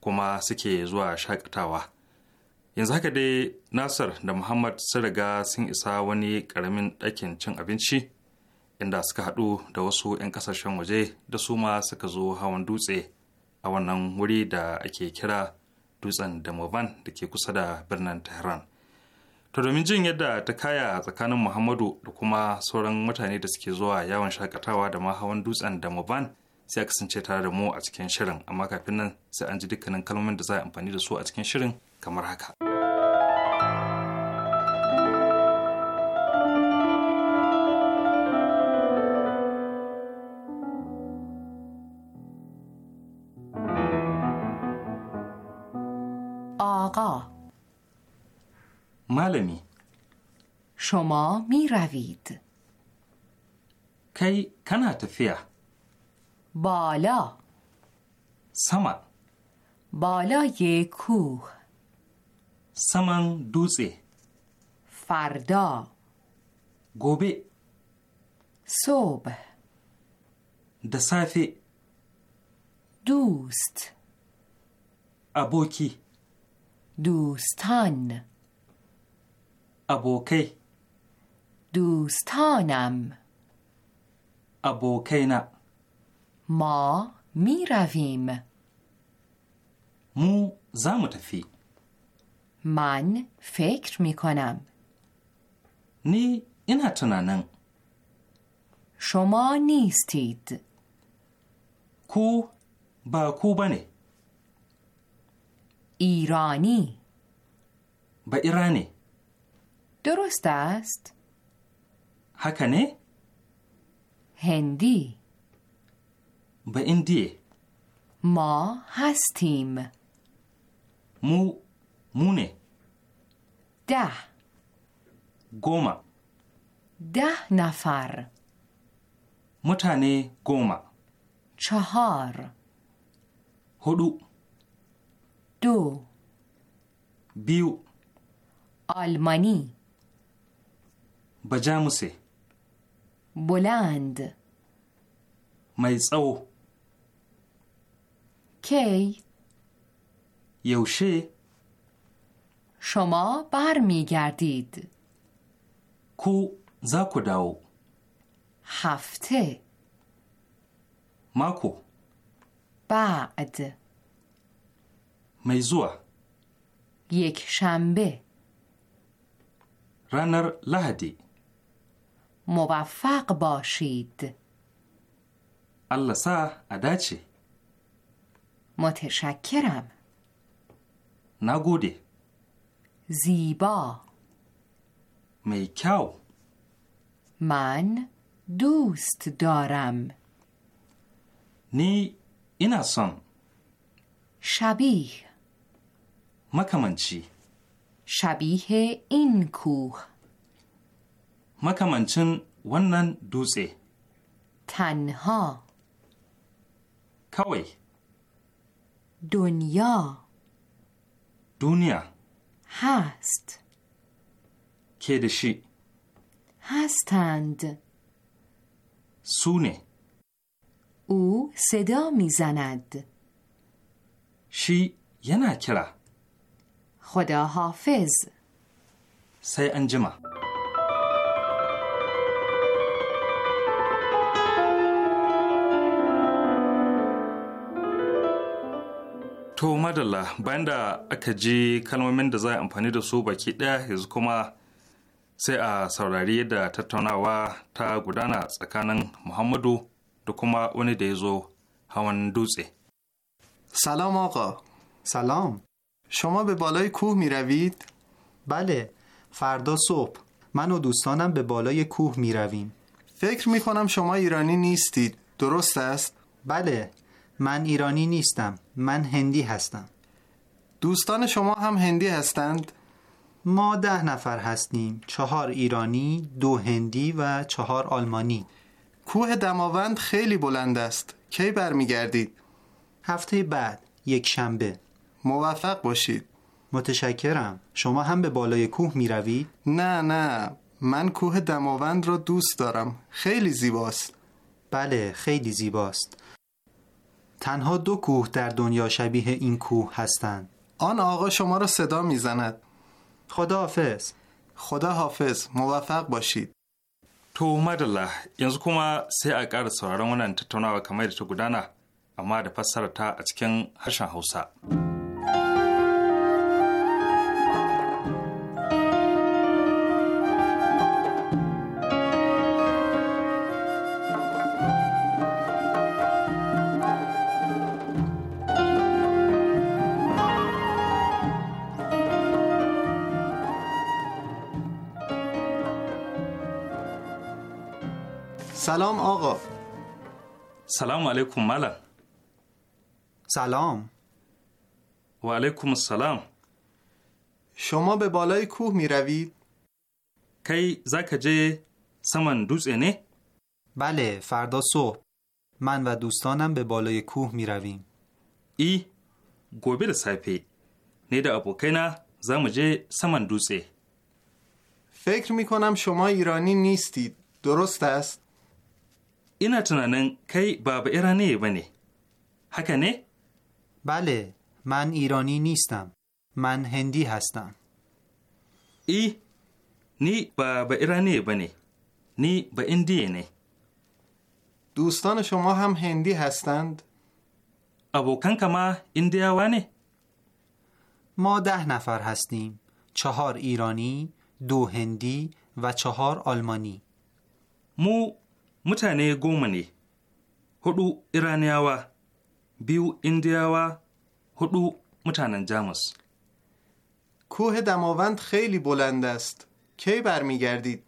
kuma suke zuwa shakatawa yanzu haka dai nasir da muhammad sun riga sun isa wani karamin ɗakin cin abinci inda suka haɗu da wasu 'yan ƙasashen waje da su ma suka zo hawan dutse a wannan wuri da ake kira dutsen damovan da ke kusa da birnin tehran To domin jin yadda ta kaya tsakanin Muhammadu da kuma sauran mutane da suke zuwa yawon shakatawa da ma hawan dutsen da Moban sai a kasance tare da mu a cikin shirin amma kafin nan sai an ji dukkanin kalmomin da za a amfani da su a cikin shirin kamar haka. آقا مالمی شما می روید کی کنات تفیه بالا سما بالای کوه سمن دوزه فردا گوبه صبح دسافه دوست ابوکی دوستان ابوکی دوستانم ابوکینا ما می رویم مو تفی من فکر می کنم نی اینا تنانن شما نیستید کو با کو بنه ایرانی با ایرانی درست است؟ هکنه؟ هندی به اندی ما هستیم مو مونه ده گوما ده نفر متانه گوما چهار هدو دو بیو آلمانی به جاموسه بلند میز کی یوشه شما میگردید کو زاکو داو هفته ماکو بعد میزوع یک شنبه رانر لهدی موفق باشید الله سا اداچه متشکرم نگوده زیبا میکاو من دوست دارم نی این اصان شبیه چی؟ شبیه این کوه مکمنچن ونن دوزه تنها کوی دنیا دنیا هست کدشی هستند سونه او صدا میزند شی یه نکره خدا حافظ سی انجمه To madalla bayan da aka ji kalmomin da za a amfani da su baki ɗaya yanzu kuma sai a saurari yadda tattaunawa ta gudana tsakanin Muhammadu da kuma wani da ya zo hawan dutse. Salam aka, salam, shoma be balai kuh miravid bale farda فردا صبح من و دوستانم به بالای کوه می رویم فکر می کنم شما ایرانی نیستید درست است؟ من ایرانی نیستم من هندی هستم دوستان شما هم هندی هستند؟ ما ده نفر هستیم چهار ایرانی، دو هندی و چهار آلمانی کوه دماوند خیلی بلند است کی برمیگردید؟ هفته بعد یک شنبه موفق باشید متشکرم شما هم به بالای کوه می روید؟ نه نه من کوه دماوند را دوست دارم خیلی زیباست بله خیلی زیباست تنها دو کوه در دنیا شبیه این کوه هستند آن آقا شما را صدا میزند خدا حافظ خدا حافظ موفق باشید تو اومد yanzu kuma sai a ƙara sauraron wannan tattaunawa kamar da ta gudana پس da fassara ta a cikin سلام آقا سلام علیکم ملا. سلام و علیکم السلام شما به بالای کوه می روید؟ کی جه سمن دوز نه؟ بله فردا صبح من و دوستانم به بالای کوه می رویم ای گوبه سایپی نیده ابوکینا جه سمن دوزه فکر می کنم شما ایرانی نیستید درست است؟ اینا تنانن کی باب ایرانی بنی نه؟ بله من ایرانی نیستم من هندی هستم ای نی باب ایرانی بنی نی به اندی نه دوستان شما هم هندی هستند؟ ما کما وانی. ما ده نفر هستیم چهار ایرانی دو هندی و چهار آلمانی مو mutane goma ne, hudu Iraniyawa, biyu Indiyawa, hudu mutanen Jamus. کوه دماوند خیلی بلند است. کی برمیگردید؟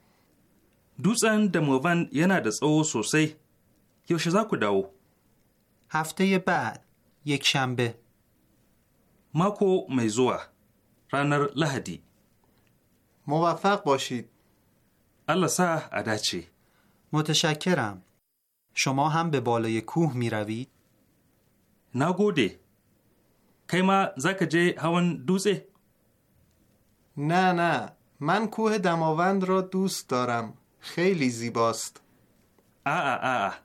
دوزن دماوند یه ندس او سوسی. یوشه زاکو داو. هفته بعد. یک شنبه. ماکو میزوه. رانر لهدی. موفق باشید. الله سه اداچی. متشکرم. شما هم به بالای کوه می روید؟ نگوده. که ما زکجه هون دوزه؟ نه نه. من کوه دماوند را دوست دارم. خیلی زیباست. آ آه آه.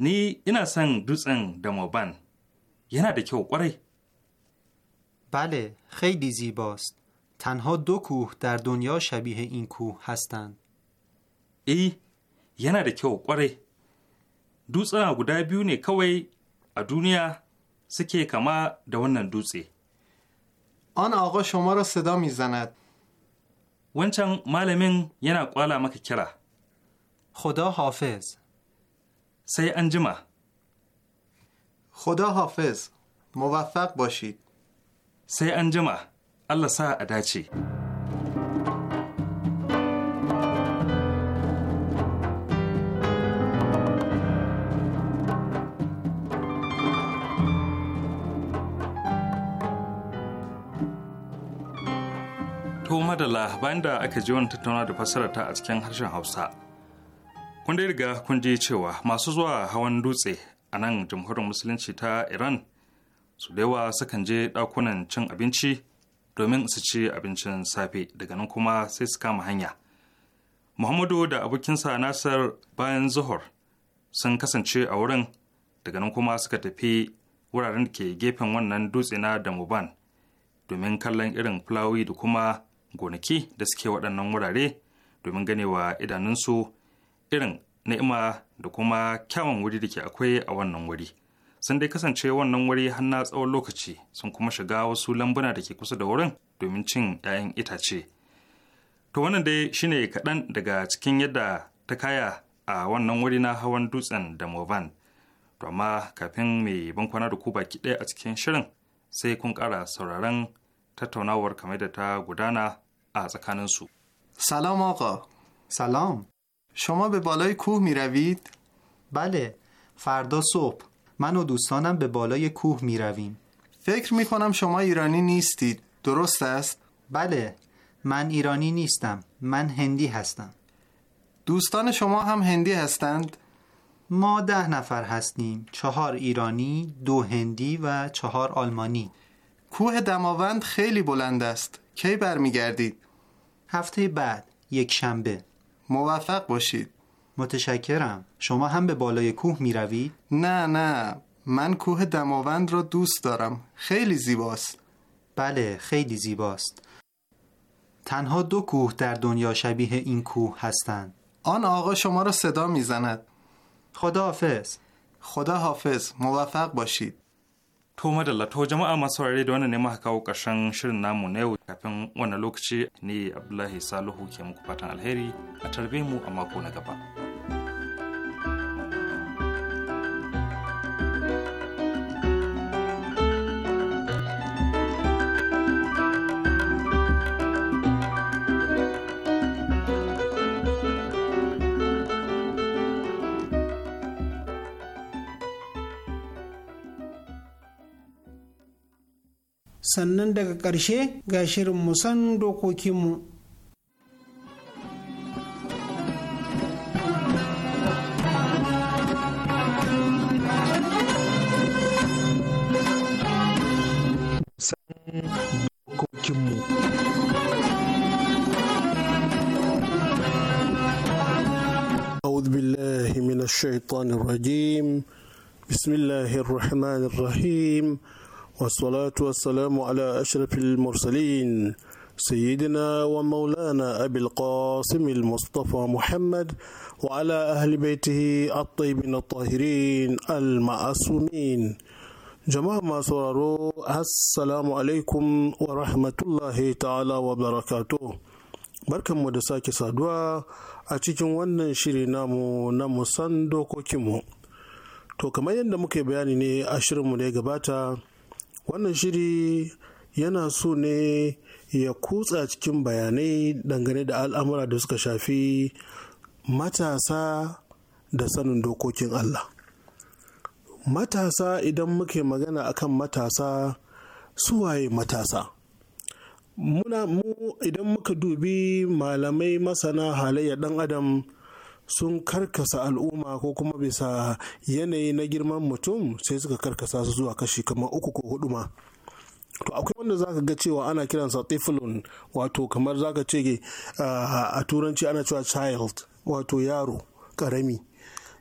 نی اینا سن دوزن دماوند. یه نده که قره. بله خیلی زیباست. تنها دو کوه در دنیا شبیه این کوه هستند. ای yana da kyau kwarai dutsuna guda biyu ne kawai a duniya suke kama da wannan dutse an aga شما sada mai zanat wancan malamin yana kwala maka kira khuda hafiz sai an jima خدا حافظ موفق sai an jima Allah sa a dace. To madala bayan da aka ji wani tattauna da fassara ta a cikin harshen Hausa. Kun dai riga kun ji cewa masu zuwa hawan dutse a nan jamhuriyar musulunci ta Iran su da sukan je ɗakunan cin abinci domin su ci abincin safe daga nan kuma sai su kama hanya. Muhammadu da abokinsa Nasar bayan zuhur sun kasance a wurin daga nan kuma suka tafi wuraren da ke gefen wannan dutse na Damuban domin kallon irin fulawi da kuma gonaki da suke waɗannan wurare domin ganewa idanunsu irin ni'ima da kuma kyawun wuri da ke akwai a wannan wuri sun dai kasance wannan wuri har tsawon lokaci sun kuma shiga wasu lambuna da ke kusa da wurin domin cin 'ya'yan itace to wannan dai shine kaɗan daga cikin yadda ta kaya a wannan wuri na hawan dutsen da movan to amma kafin mai bankwana da ku baki ɗaya a cikin shirin sai kun ƙara sauraron tattaunawar kamar da ta gudana سلام آقا سلام شما به بالای کوه می روید؟ بله فردا صبح من و دوستانم به بالای کوه می رویم فکر می کنم شما ایرانی نیستید درست است؟ بله من ایرانی نیستم من هندی هستم دوستان شما هم هندی هستند؟ ما ده نفر هستیم چهار ایرانی دو هندی و چهار آلمانی کوه دماوند خیلی بلند است کی برمیگردید هفته بعد یک شنبه موفق باشید متشکرم شما هم به بالای کوه می روی؟ نه نه من کوه دماوند را دوست دارم خیلی زیباست بله خیلی زیباست تنها دو کوه در دنیا شبیه این کوه هستند آن آقا شما را صدا می زند خدا حافظ خدا حافظ موفق باشید To madalla to jama'a masu saurare da wannan ne muka kawo ƙarshen shirin namu na yau kafin wannan lokaci ne Abdullahi Salihu ke muku fatan alheri a tarbe mu a mako na gaba. sannan daga ƙarshe ga shirin musan dokokinmu dokokinmu. أعوذ بالله من الشيطان الرجيم بسم الله الرحمن الرحيم والصلاة والسلام على أشرف المرسلين سيدنا ومولانا أبي القاسم المصطفى محمد وعلى أهل بيته الطيبين الطاهرين المعصومين jama'a masu sauraro assalamu alaikum wa rahmatullahi ta'ala wa barakato barkanmu da sake saduwa a cikin wannan shiri namu na musan dokokinmu to kamar yadda muka bayani ne a shirinmu da ya gabata wannan shiri yana so ne ya kutsa cikin bayanai dangane da al'amura da suka shafi matasa da sanin dokokin Allah. Matasa idan muke magana akan matasa suwaye matasa. Muna mu idan muka dubi malamai masana halayya dan adam sun karkasa al'umma ko kuma bisa yanayi na girman mutum sai suka karkasa su zuwa kashi kamar uku ko hudu ma to akwai wanda zaka ga cewa ana kiransa tiflun wato kamar zaka ce ah, a turanci ana cewa child wato yaro karami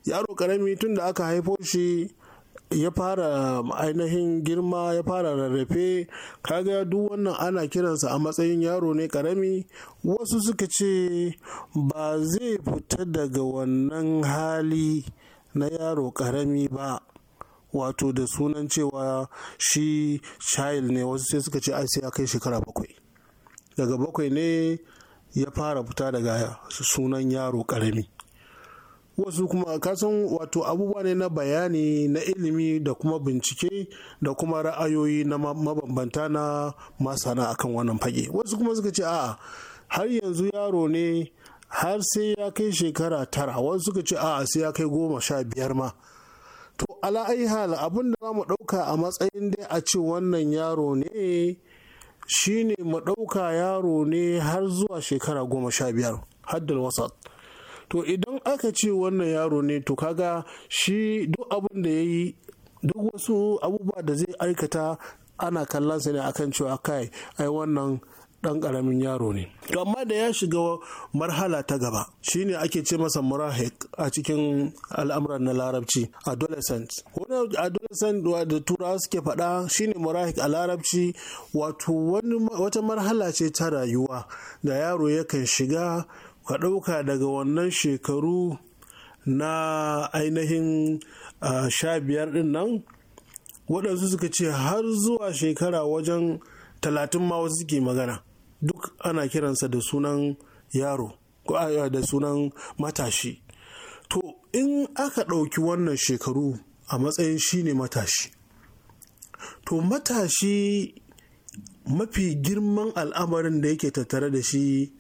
yaro karami tun da aka haifo shi ya fara ainihin girma ya fara rarrafe kaga duk wannan ana kiransa a matsayin yaro ne karami wasu suka ce ba zai fita daga wannan hali na yaro karami ba wato da sunan cewa shi child ne wasu sai suka ce ai sai kai shekara bakwai daga bakwai ne ya fara fita daga sunan yaro karami wasu kuma kasan wato abubuwa ne na bayani na ilimi da kuma bincike da kuma ra'ayoyi na mabambanta na masana akan wannan fage wasu kuma suka ce a'a har yanzu yaro ne har sai ya kai shekara tara wasu suka ce a'a sai ya kai goma sha biyar ma to ala hal abin da za mu ɗauka a matsayin dai a ce wannan yaro ne shine mu ɗauka yaro ne har zuwa shekara goma sha biyar haddal wasat to idan aka ce wannan yaro ne to kaga shi duk abin da ya yi duk wasu abubuwa da zai aikata ana kallon sa ne akan cewa kai ai wannan dan karamin yaro ne to amma da ya shiga marhala ta gaba shine ake ce masa murahik a cikin al'amuran na larabci adolescent wani adolescent da turawa suke faɗa shine murahik a larabci wato wata marhala ce ta rayuwa da yaro yakan shiga ka ɗauka daga wannan shekaru na ainihin sha biyar ɗin nan waɗansu suka ce har zuwa shekara wajen talatin ma wasu suke magana duk ana kiransa da sunan yaro ko da sunan matashi to in aka ɗauki wannan shekaru a matsayin shi ne matashi to matashi mafi girman al'amarin da yake tattare da shi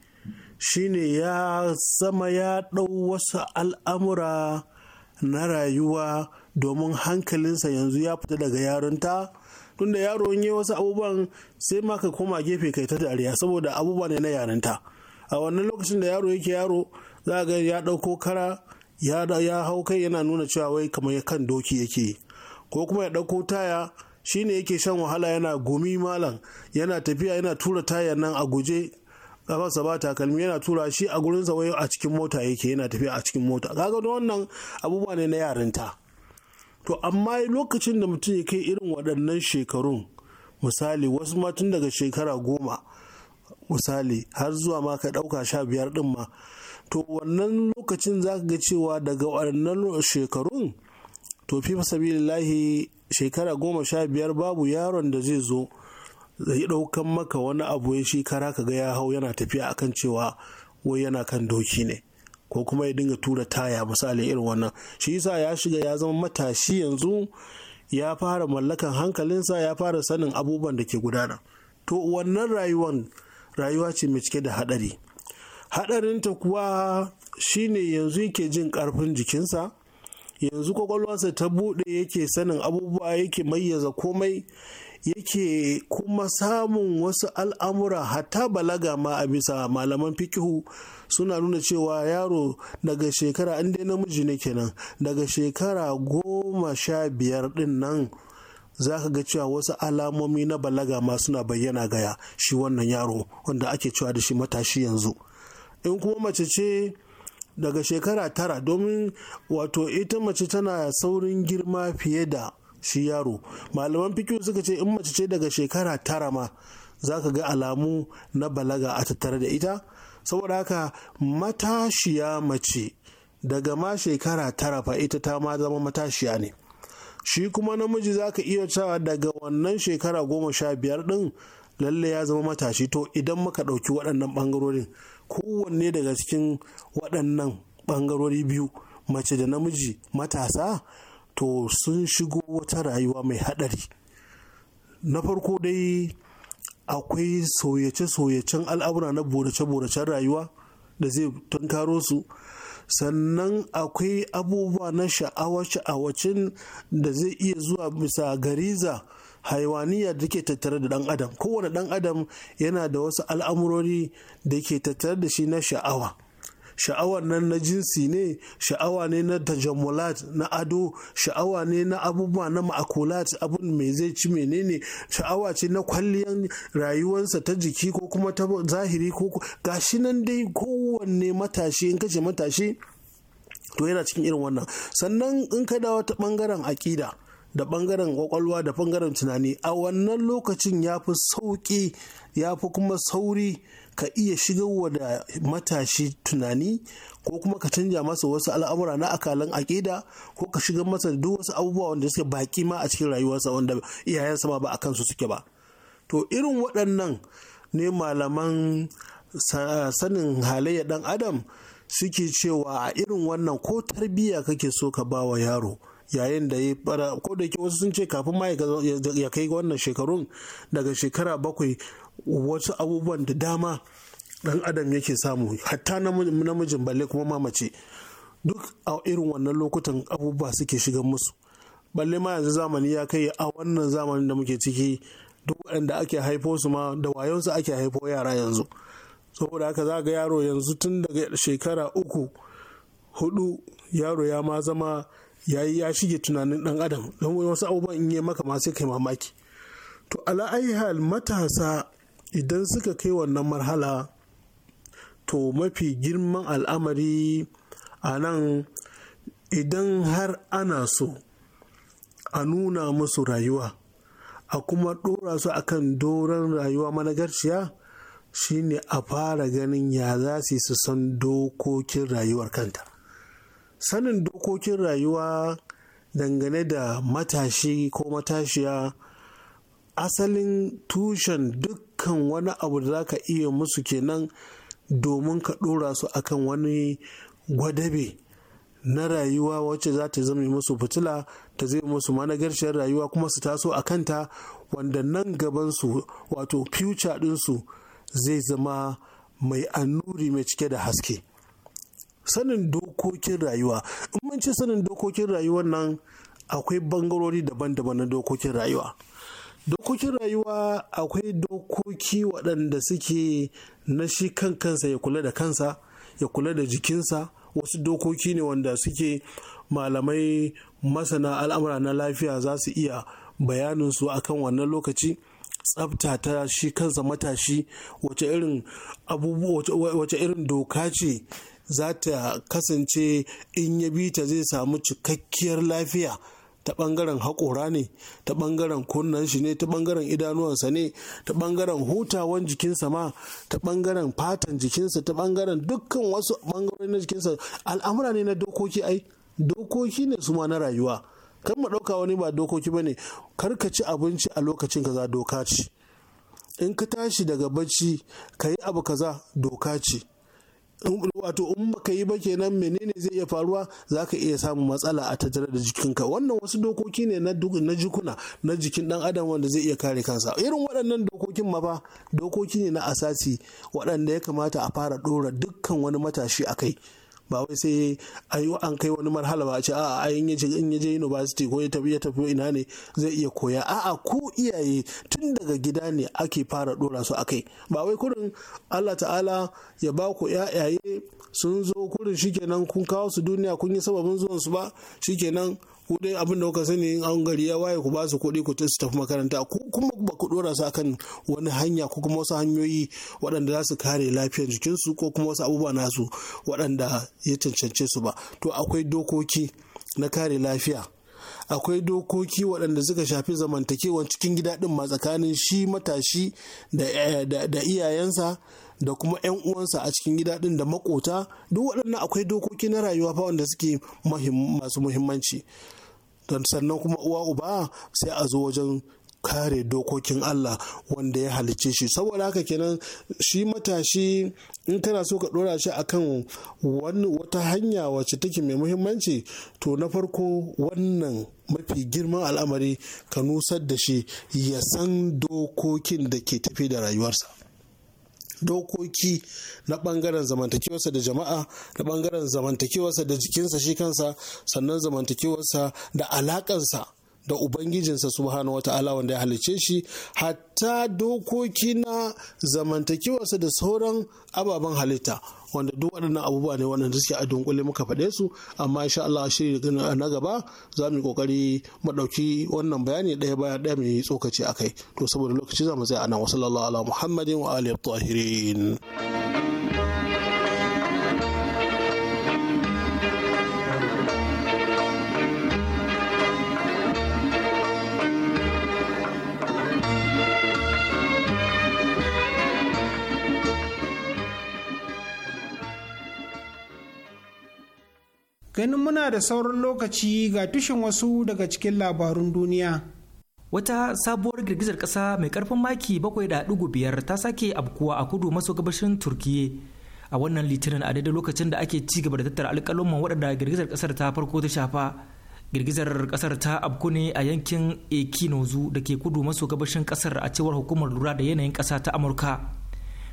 shine ya zama ya ɗau wasu al'amura na rayuwa domin hankalinsa yanzu ya fita daga yarinta tunda yaro yi wasu abubuwan sai ma ka koma gefe kai ta dariya saboda abubuwa ne na yarinta a wannan lokacin da yaro yake yaro za ga ya ɗauko kara ya hau kai yana nuna cewa wai kamar kan doki yake ko kuma ya ɗauko taya shine yake shan wahala yana gumi malam yana tafiya yana tura taya nan a guje gabansa ba takalmi yana tura shi a gurinsa wai a cikin mota yake yana tafiya a cikin mota kaga da wannan abubuwa ne na yarinta to amma lokacin da mutum ya kai irin waɗannan shekarun misali wasu ma daga shekara goma misali har zuwa ma ka ɗauka sha biyar ɗin ma to wannan lokacin za ka ga cewa daga waɗannan shekarun to fi sabilillahi shekara goma sha biyar babu yaron da zai zo zai ɗaukan maka wani abu shi kara ka ga ya hau yana tafiya akan cewa wai yana kan doki ne ko kuma ya dinga tura taya misali irin wannan shi yasa ya shiga ya zama matashi yanzu ya fara mallakan hankalinsa ya fara sanin abubuwan da ke gudana to wannan rayuwan rayuwa ce mai cike da haɗari haɗarinta kuwa shine yanzu yake jin ƙarfin jikinsa yanzu kwakwalwarsa ta buɗe yake sanin abubuwa yake mayyaza komai yake kuma samun wasu al'amura hatta balaga ma a bisa malaman fikihu suna nuna cewa yaro daga shekara an dai namiji ne kenan daga shekara goma sha biyar din nan za ka ga cewa wasu alamomi na balaga ma suna bayyana gaya shi wannan yaro wanda ake cewa da shi matashi yanzu in kuma mace ce daga shekara tara domin wato ita mace tana saurin girma fiye da shi yaro malaman fikiyo suka ce in mace ce daga shekara tara ma za ka ga alamu na balaga a tattare da ita saboda haka matashiya mace daga ma shekara tara fa ita ta ma zama matashiya ne shi kuma namiji za ka iya cewa daga wannan shekara goma sha biyar din lalle ya zama matashi to idan muka ɗauki waɗannan ɓangarorin kowanne daga cikin waɗannan ɓangarori biyu mace da namiji matasa to sun shigo wata rayuwa mai haɗari na farko dai akwai soyace-soyacen al'amura na borace-boracen rayuwa da zai tunkaro su sannan akwai abubuwa na sha'awa-sha'awacin da zai iya zuwa bisa gariza haiwaniya da ke tattare da dan adam kowane dan adam yana da wasu al'amurori da ke tattare da shi na sha'awa sha'awar nan na jinsi ne sha'awa ne na tajammulat na ado sha'awa ne na abubuwa na ma'akulat abun me zai ci menene sha'awa ce na kwalliyan rayuwarsa ta jiki ko kuma ta zahiri ko shi nan dai kowanne matashi in kace matashi to yana cikin irin wannan sannan in ka dawo ta bangaren aƙida da bangaren kwakwalwa da bangaren tunani a wannan lokacin ya fi sauƙi ya fi kuma sauri ka iya shigarwa da matashi tunani ko kuma ka canja masa wasu al'amura na akalan aƙida ko ka shiga masa duk wasu abubuwa wanda suke baƙi ma a cikin rayuwarsa wanda iyayensa ba a kansu suke ba to irin waɗannan ne malaman sanin halayya ɗan adam suke cewa a irin wannan ko tarbiyya kake so ka ba wa yaro yayin da ya bara ko da ke wasu sun ce kafin ma ya kai wannan shekarun daga shekara bakwai wasu abubuwan da dama dan adam yake samu hatta namijin balle kuma mamace duk a irin wannan lokutan abubuwa suke shiga musu balle ma yanzu zamani ya kai a wannan zamanin da muke ciki duk waɗanda ake haifo su ma da wayonsu ake haifo yara yanzu saboda haka za ga yaro yanzu tun daga shekara uku hudu yaro ya ma zama yayi ya shige tunanin dan adam don wasu abubuwan in yi maka ma sai kai mamaki to ala hal matasa idan suka kai wannan marhala to mafi girman al'amari a nan idan har ana so a nuna musu rayuwa a kuma ɗora su akan doron rayuwa managarciya shine a fara ganin ya za su san dokokin rayuwar kanta sanin dokokin rayuwa dangane da matashi ko matashiya asalin tushen dukkan wani abu da za ka iya musu kenan domin ka ɗora su akan wani gwadabe na rayuwa wacce za ta zama musu fitila ta zai musu managarciyar rayuwa kuma su taso a kanta wanda nan gabansu wato future ɗinsu zai zama mai annuri mai cike da haske. sanin dokokin rayuwa in mun ce sanin dokokin rayuwar nan akwai bangarori daban-daban na dokokin rayuwa dokokin rayuwa akwai dokoki waɗanda suke na shi kan kansa ya kula da kansa ya kula da jikinsa wasu dokoki ne wanda suke malamai masana al'amura na lafiya za su iya bayaninsu akan wannan lokaci tsabta ta shi kansa matashi wace irin wace irin doka ce za ta kasance in ya bi ta zai samu cikakkiyar lafiya ta bangaren haƙora ne ta bangaren kunnan shi ne ta bangaren idanuwansa ne ta bangaren hutawan jikinsa ma ta bangaren fatan jikinsa ta bangaren dukkan wasu bangarori na jikinsa al'amura ne na dokoki ai dokoki ne su ma na rayuwa kan mu ɗauka wani ba dokoki ba ne ka ci abinci a lokacin kaza doka ce in ka tashi daga bacci ka yi abu kaza doka ce wato in baka yi ba kenan menene zai iya faruwa zaka iya samun matsala a tattare da jikinka wannan wasu dokoki ne na jikuna na jikin dan adam wanda zai iya kare kansa irin waɗannan dokokin ma fa dokoki ne na asasi waɗanda ya kamata a fara ɗora dukkan wani matashi a kai ba wai sai yi an kai wani marhala ba a ce a in ya in yaje je university ko ya tafi ya tafi ina ne zai iya koya a'a ku iyaye tun daga gida ne ake fara dora su akai ba wai kurin Allah ta'ala ya ba ku yayaye sun zo kurin shikenan kun kawo su duniya kun yi sababin zuwan su ba shikenan ku dai abin da kuka sani in an gari ya waye ku ba su kuɗi ku ta su tafi makaranta kuma ba ku dora su akan wani hanya ko kuma wasu hanyoyi waɗanda za su kare lafiyar jikinsu ko kuma wasu abubuwa nasu waɗanda ya cancance su ba to akwai dokoki na kare lafiya akwai dokoki waɗanda suka shafi zamantakewa cikin gida ɗin ma tsakanin shi matashi da eh, iyayensa da kuma 'yan uwansa a cikin gida din da makota duk waɗannan akwai dokoki na rayuwa fa wanda suke masu muhimmanci don sannan kuma uwa uba sai a zo wajen kare dokokin Allah wanda ya halicce shi saboda haka kenan shi matashi in kana so ka dora shi akan wani wata hanya wacce take mai muhimmanci to na farko wannan mafi girman al'amari ka nusar da shi ya san dokokin da ke tafi da rayuwarsa dokoki na bangaren zamantakewarsa da jama'a da bangaren zamantakewarsa da jikinsa shi kansa sannan zamantakewarsa da alakansa da ubangijinsa subhanahu ta'ala wanda ya halice shi hatta dokoki na zamantakewarsa da sauran ababen halitta wanda duk waɗannan abubuwa ne waɗanda suke a dunkule muka faɗe su amma insha Allah shi na gaba za mu yi kokari mu ɗauki wannan bayani ɗaya bayan ɗaya mai tsokaci a kai to saboda lokaci za mu tsaya a nan wasu ala muhammadin wa alihi tahirin. ganin muna da sauran lokaci ga tushen wasu daga cikin labarun duniya. Wata sabuwar girgizar kasa mai karfin maki bakwai da biyar ta sake abkuwa a kudu maso gabashin Turkiyya. A wannan litinin a daidai lokacin da ake ci gaba da tattara alƙalumman waɗanda girgizar kasar ta farko ta shafa. Girgizar ƙasar ta abku ne a yankin Ekinozu da ke kudu maso gabashin ƙasar a cewar hukumar lura da yanayin ƙasa ta Amurka.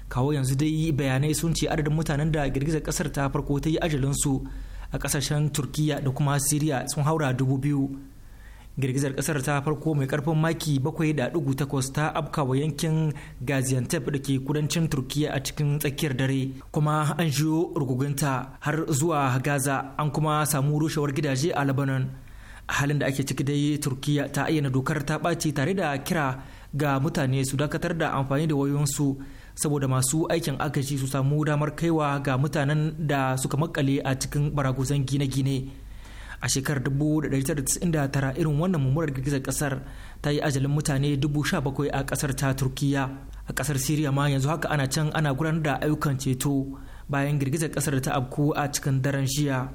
Kawo yanzu dai bayanai sun ce adadin mutanen da girgizar kasar ta farko ta yi ajalinsu su a kasashen turkiya da kuma siriya sun haura dubu biyu girgizar kasar ta farko mai karfin maki 7.8 ta afkawa yankin gaziantep da ke kudancin turkiya a cikin tsakiyar dare kuma an jiyo rugugunta har zuwa gaza an kuma samu rushewar gidaje a lebanon halin da ake ciki dai turkiya ta ayyana dokar ta ɓaci tare da kira ga mutane su dakatar da amfani da wayoyinsu saboda masu aikin agaji su samu damar kaiwa ga mutanen da suka makale a cikin baraguzan gine-gine a shekarar 1999 irin wannan mummunar girgizar kasar ta yi ajalin mutane 17,000 a kasar ta turkiya a kasar siriya ma yanzu haka ana can ana gudanar da ayyukan ceto bayan girgizar kasar ta abku a cikin daren jiya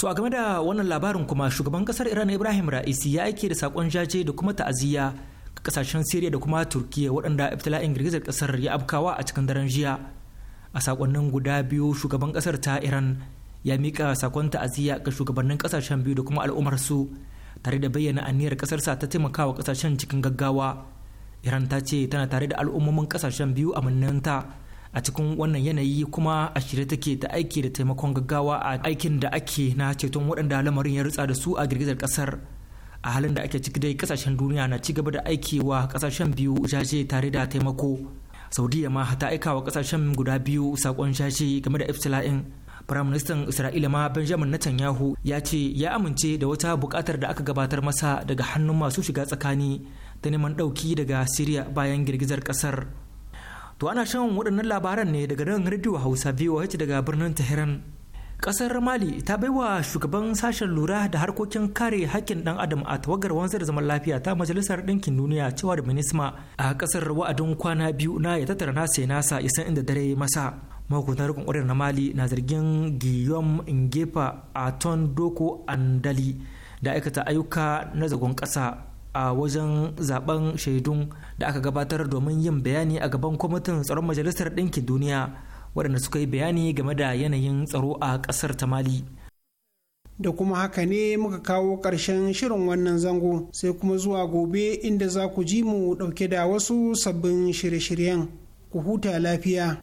to a game da wannan labarin kuma shugaban kasar iran ibrahim ra'isi ya aike da sakon jaje da kuma ta'aziyya kasashen Siriya da kuma Turkiyya waɗanda iftila'in girgizar kasar ya afkawa a cikin daren jiya. A sakonnin guda biyu shugaban kasar ta Iran ya mika sakon ta'aziyya ga shugabannin kasashen biyu da kuma al'ummar su tare da bayyana aniyar kasarsa ta taimakawa kasashen cikin gaggawa. Iran ta ce tana tare da al'ummomin kasashen biyu a ta a cikin wannan yanayi kuma a shirye take ta aiki da taimakon gaggawa a aikin da ake na ceton waɗanda lamarin ya rutsa da su a girgizar ƙasar a halin da ake ciki dai kasashen duniya na ci gaba da wa kasashen biyu jaje tare da taimako saudiya ma ta aika wa kasashen guda biyu sakon jaje game da iftila'in firaministan isra'ila ma benjamin netanyahu ya ce ya amince da wata bukatar da aka gabatar masa daga hannun masu shiga tsakani ta neman ɗauki daga siriya bayan girgizar ƙasar to ana shan waɗannan labaran ne daga nan rediyo hausa voh daga birnin tehran ƙasar mali ta baiwa shugaban sashen lura da harkokin kare haƙƙin dan adam a tawagar wanzar zaman lafiya ta majalisar ɗinkin duniya cewa da minisma a ƙasar wa'adin kwana biyu na ya tattara nasa nasa isan inda dare masa Mahukuntar rikon ƙwarar na mali na zargin guillaume ngefa a ton doko andali da aikata ayyuka na zagon ƙasa a wajen zaben shaidun da aka gabatar domin yin bayani a gaban kwamitin tsaron majalisar ɗinkin duniya waɗanda suka yi bayani game da yanayin tsaro a ƙasar ta mali da kuma haka ne muka kawo ƙarshen shirin wannan zango sai kuma zuwa gobe inda za ku ji mu ɗauke da wasu sabbin shirye-shiryen ku huta lafiya